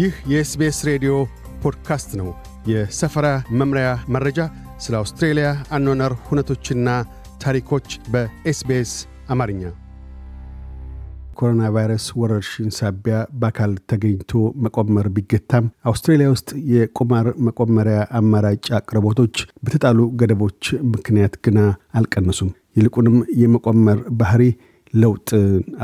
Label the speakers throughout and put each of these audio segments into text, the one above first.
Speaker 1: ይህ የኤስቤስ ሬዲዮ ፖድካስት ነው። የሰፈራ መምሪያ መረጃ፣ ስለ አውስትሬልያ አኗነር ሁነቶችና ታሪኮች በኤስቤስ አማርኛ። ኮሮና ቫይረስ ወረርሽኝ ሳቢያ በአካል ተገኝቶ መቆመር ቢገታም አውስትሬልያ ውስጥ የቁማር መቆመሪያ አማራጭ አቅርቦቶች በተጣሉ ገደቦች ምክንያት ግና አልቀነሱም። ይልቁንም የመቆመር ባህሪ ለውጥ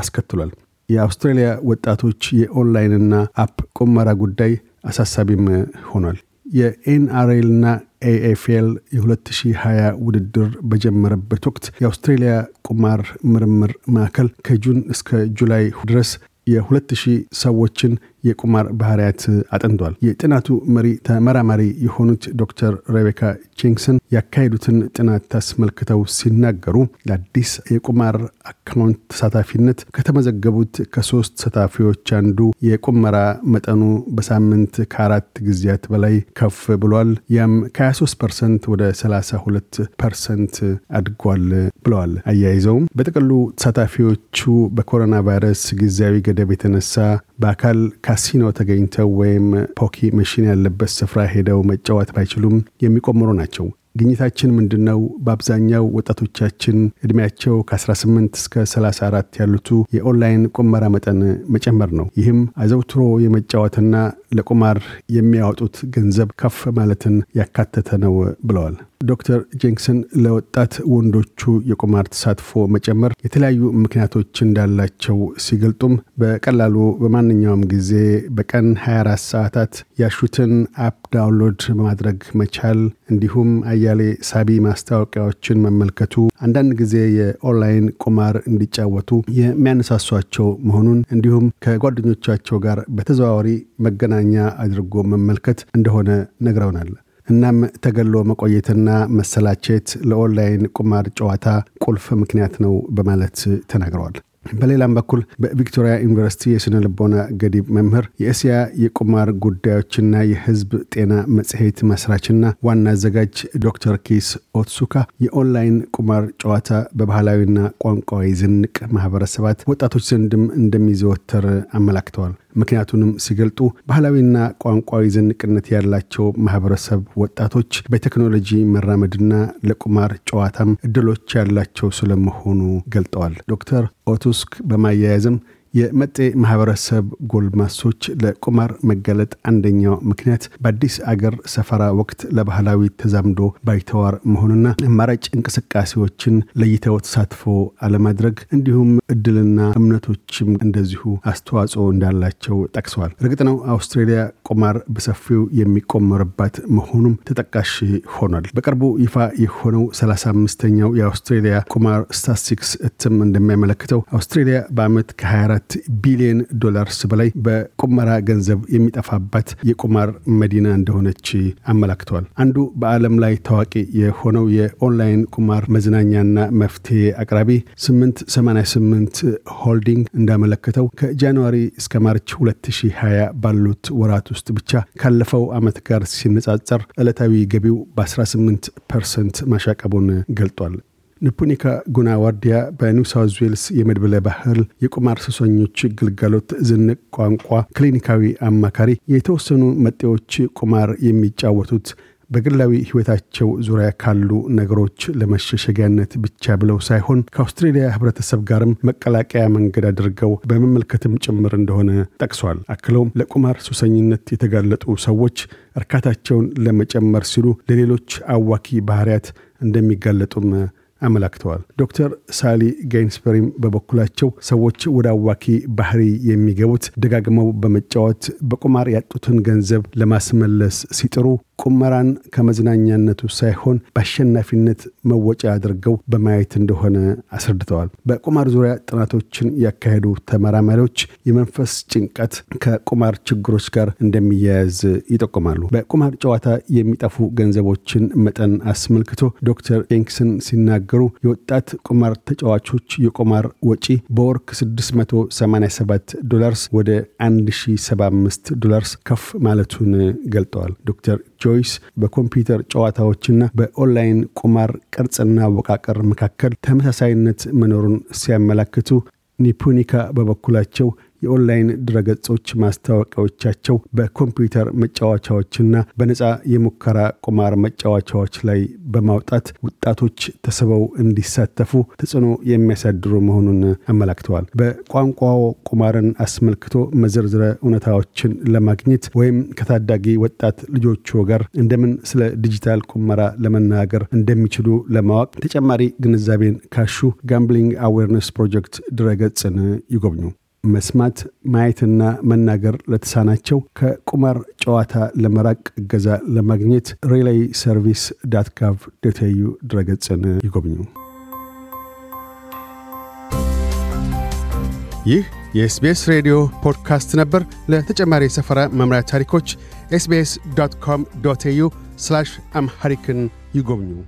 Speaker 1: አስከትሏል። የአውስትራሊያ ወጣቶች የኦንላይንና አፕ ቁመራ ጉዳይ አሳሳቢም ሆኗል። የኤንአርኤልና ኤኤፍኤል የ2020 ውድድር በጀመረበት ወቅት የአውስትሬሊያ ቁማር ምርምር ማዕከል ከጁን እስከ ጁላይ ድረስ የ2000 ሰዎችን የቁማር ባህሪያት አጥንቷል። የጥናቱ መሪ ተመራማሪ የሆኑት ዶክተር ሬቤካ ቼንግሰን ያካሄዱትን ጥናት አስመልክተው ሲናገሩ ለአዲስ የቁማር አካውንት ተሳታፊነት ከተመዘገቡት ከሶስት ተሳታፊዎች አንዱ የቁመራ መጠኑ በሳምንት ከአራት ጊዜያት በላይ ከፍ ብሏል። ያም ከ23 ፐርሰንት ወደ 32 ፐርሰንት አድጓል ብለዋል። አያይዘውም በጥቅሉ ተሳታፊዎቹ በኮሮና ቫይረስ ጊዜያዊ ገደብ የተነሳ በአካል ካሲኖ ተገኝተው ወይም ፖኪ መሽን ያለበት ስፍራ ሄደው መጫወት ባይችሉም የሚቆምሩ ናቸው። ግኝታችን ምንድን ነው? በአብዛኛው ወጣቶቻችን እድሜያቸው ከ18 እስከ 34 ያሉቱ የኦንላይን ቁመራ መጠን መጨመር ነው። ይህም አዘውትሮ የመጫወትና ለቁማር የሚያወጡት ገንዘብ ከፍ ማለትን ያካተተ ነው ብለዋል። ዶክተር ጄንክሰን ለወጣት ወንዶቹ የቁማር ተሳትፎ መጨመር የተለያዩ ምክንያቶች እንዳላቸው ሲገልጡም በቀላሉ በማንኛውም ጊዜ በቀን 24 ሰዓታት ያሹትን አፕ ዳውንሎድ በማድረግ መቻል እንዲሁም አያ አያሌ ሳቢ ማስታወቂያዎችን መመልከቱ አንዳንድ ጊዜ የኦንላይን ቁማር እንዲጫወቱ የሚያነሳሷቸው መሆኑን እንዲሁም ከጓደኞቻቸው ጋር በተዘዋዋሪ መገናኛ አድርጎ መመልከት እንደሆነ ነግረውናል። እናም ተገሎ መቆየትና መሰላቸት ለኦንላይን ቁማር ጨዋታ ቁልፍ ምክንያት ነው በማለት ተናግረዋል። በሌላም በኩል በቪክቶሪያ ዩኒቨርሲቲ የስነ ልቦና ገዲብ መምህር የእስያ የቁማር ጉዳዮችና የህዝብ ጤና መጽሔት መስራችና ዋና አዘጋጅ ዶክተር ኪስ ኦትሱካ የኦንላይን ቁማር ጨዋታ በባህላዊና ቋንቋዊ ዝንቅ ማህበረሰባት ወጣቶች ዘንድም እንደሚዘወተር አመላክተዋል። ምክንያቱንም ሲገልጡ ባህላዊና ቋንቋዊ ዘንቅነት ያላቸው ማህበረሰብ ወጣቶች በቴክኖሎጂ መራመድና ለቁማር ጨዋታም እድሎች ያላቸው ስለመሆኑ ገልጠዋል ዶክተር ኦቱስክ በማያያዝም የመጤ ማህበረሰብ ጎልማሶች ለቁማር መገለጥ አንደኛው ምክንያት በአዲስ አገር ሰፈራ ወቅት ለባህላዊ ተዛምዶ ባይተዋር መሆኑና አማራጭ እንቅስቃሴዎችን ለይተው ተሳትፎ አለማድረግ እንዲሁም እድልና እምነቶችም እንደዚሁ አስተዋጽኦ እንዳላቸው ጠቅሰዋል። እርግጥ ነው አውስትሬሊያ ቁማር በሰፊው የሚቆመርባት መሆኑም ተጠቃሽ ሆኗል። በቅርቡ ይፋ የሆነው 35ኛው የአውስትሬሊያ ቁማር ስታስቲክስ እትም እንደሚያመለክተው አውስትሬሊያ በዓመት ከ24 ከ ቢሊዮን ዶላርስ በላይ በቁመራ ገንዘብ የሚጠፋባት የቁማር መዲና እንደሆነች አመላክተዋል። አንዱ በዓለም ላይ ታዋቂ የሆነው የኦንላይን ቁማር መዝናኛና መፍትሄ አቅራቢ 888 ሆልዲንግ እንዳመለከተው ከጃንዋሪ እስከ ማርች 2020 ባሉት ወራት ውስጥ ብቻ ካለፈው ዓመት ጋር ሲነጻጸር ዕለታዊ ገቢው በ18 ፐርሰንት ማሻቀቡን ገልጧል። ንፑኒካ ጉና ዋርዲያ በኒው ሳውዝ ዌልስ የመድብለ ባህል የቁማር ሱሰኞች ግልጋሎት ዝንቅ ቋንቋ ክሊኒካዊ አማካሪ የተወሰኑ መጤዎች ቁማር የሚጫወቱት በግላዊ ህይወታቸው ዙሪያ ካሉ ነገሮች ለመሸሸጊያነት ብቻ ብለው ሳይሆን ከአውስትሬልያ ህብረተሰብ ጋርም መቀላቀያ መንገድ አድርገው በመመልከትም ጭምር እንደሆነ ጠቅሷል። አክለውም ለቁማር ሱሰኝነት የተጋለጡ ሰዎች እርካታቸውን ለመጨመር ሲሉ ለሌሎች አዋኪ ባህሪያት እንደሚጋለጡም አመላክተዋል። ዶክተር ሳሊ ጋይንስበሪም በበኩላቸው ሰዎች ወደ አዋኪ ባህሪ የሚገቡት ደጋግመው በመጫወት በቁማር ያጡትን ገንዘብ ለማስመለስ ሲጥሩ ቁመራን ከመዝናኛነቱ ሳይሆን በአሸናፊነት መወጫ አድርገው በማየት እንደሆነ አስረድተዋል። በቁማር ዙሪያ ጥናቶችን ያካሄዱ ተመራማሪዎች የመንፈስ ጭንቀት ከቁማር ችግሮች ጋር እንደሚያያዝ ይጠቁማሉ። በቁማር ጨዋታ የሚጠፉ ገንዘቦችን መጠን አስመልክቶ ዶክተር ኤንክስን ሲናገሩ የወጣት ቁማር ተጫዋቾች የቁማር ወጪ በወር ከ687 ዶላርስ ወደ 1075 ዶላርስ ከፍ ማለቱን ገልጠዋል። ዶክተር ጆይስ በኮምፒውተር ጨዋታዎችና በኦንላይን ቁማር ቅርጽና አወቃቀር መካከል ተመሳሳይነት መኖሩን ሲያመላክቱ ኒፑኒካ በበኩላቸው የኦንላይን ድረገጾች ማስታወቂያዎቻቸው በኮምፒውተር መጫወቻዎችና በነፃ የሙከራ ቁማር መጫወቻዎች ላይ በማውጣት ወጣቶች ተስበው እንዲሳተፉ ተጽዕኖ የሚያሳድሩ መሆኑን አመላክተዋል። በቋንቋው ቁማርን አስመልክቶ መዘርዝረ እውነታዎችን ለማግኘት ወይም ከታዳጊ ወጣት ልጆቹ ጋር እንደምን ስለ ዲጂታል ቁመራ ለመናገር እንደሚችሉ ለማወቅ ተጨማሪ ግንዛቤን ካሹ ጋምብሊንግ አዌርነስ ፕሮጀክት ድረገጽን ይጎብኙ። መስማት ማየትና መናገር ለተሳናቸው ከቁማር ጨዋታ ለመራቅ እገዛ ለማግኘት ሪላይ ሰርቪስ ዳት ጋቭ ዶት ኤዩ ድረገጽን ይጎብኙ። ይህ የኤስቤስ ሬዲዮ ፖድካስት ነበር። ለተጨማሪ የሰፈራ መምሪያ ታሪኮች ኤስቤስ ዶት ኮም ዶት ኤዩ አምሐሪክን ይጎብኙ።